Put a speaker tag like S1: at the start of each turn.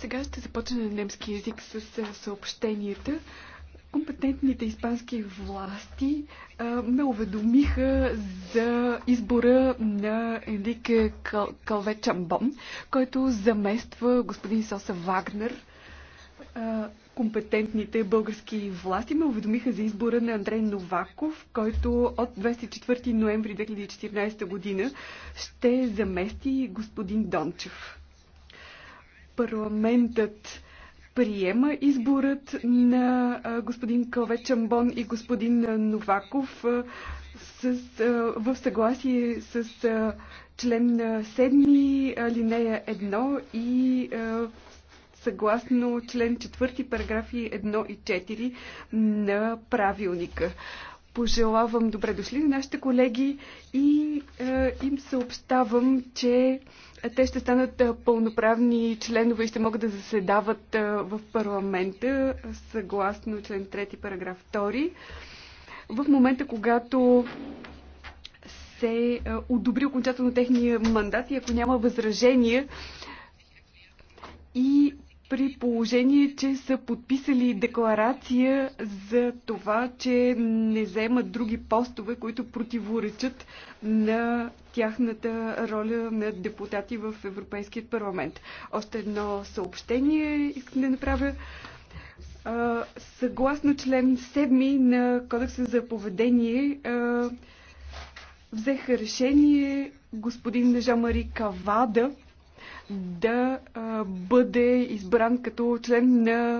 S1: Сега ще започне на немски язик с съобщенията. Компетентните испански власти а, ме уведомиха за избора на Енрике Кал, Калве Чамбон, който замества господин Соса Вагнер. А, компетентните български власти ме уведомиха за избора на Андрей Новаков, който от 24 ноември 2014 година ще замести господин Дончев парламентът приема изборът на господин Калвет Чамбон и господин Новаков с, в съгласие с член 7, линея 1 и съгласно член 4, параграфи 1 и 4 на правилника пожелавам добре дошли на нашите колеги и е, им съобщавам, че те ще станат е, пълноправни членове и ще могат да заседават е, в парламента е, съгласно член 3 параграф 2. В момента, когато се одобри окончателно техния мандат и ако няма възражения и при положение, че са подписали декларация за това, че не вземат други постове, които противоречат на тяхната роля на депутати в Европейският парламент. Още едно съобщение искам да направя. Съгласно член 7 на Кодекса за поведение, взеха решение господин Жамари Кавада да бъде избран като член на